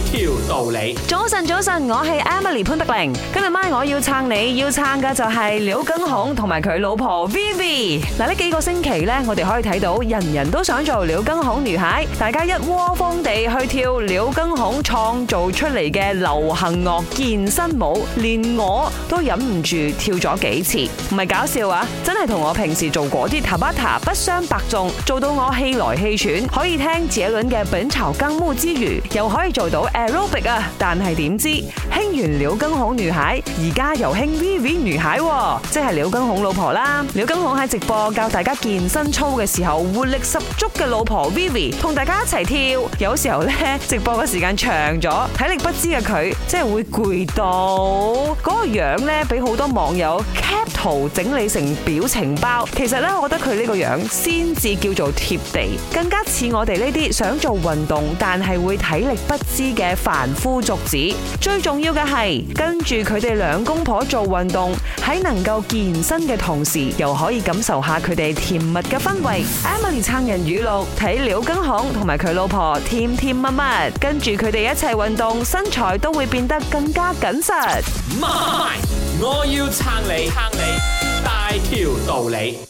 跳道理，早晨早晨，我係 Emily 潘德玲。今日晚我要撐你，要撐嘅就係劉畊宏同埋佢老婆 Vivi。嗱，呢幾個星期呢，我哋可以睇到人人都想做劉畊宏女孩，大家一窩蜂地去跳劉畊宏創造出嚟嘅流行樂健身舞，連我都忍唔住跳咗幾次。唔係搞笑啊，真係同我平時做嗰啲 Tabata 不相伯仲，做到我氣來氣喘。可以聽杰倫嘅《本草綱目》之餘，又可以做到。Aerobic、啊、但係點知興完劉畊宏女孩，而家又興 Vivi 女孩、啊，即係劉畊宏老婆啦。劉畊宏喺直播教大家健身操嘅時候，活力十足嘅老婆 Vivi 同大家一齊跳。有時候呢，直播嘅時間長咗，體力不支嘅佢，即係會攰到嗰、嗰個樣呢，俾好多網友 cap 圖整理成表情包。其實呢，我覺得佢呢個樣先至叫做貼地，更加似我哋呢啲想做運動但係會體力不支。嘅凡夫俗子，最重要嘅係跟住佢哋兩公婆做運動，喺能夠健身嘅同時，又可以感受下佢哋甜蜜嘅氛圍。Emily 撐人語錄睇廖根雄同埋佢老婆甜甜蜜蜜，跟住佢哋一齊運動，身材都會變得更加緊實。媽咪，我要撐你，撐你，大條道理。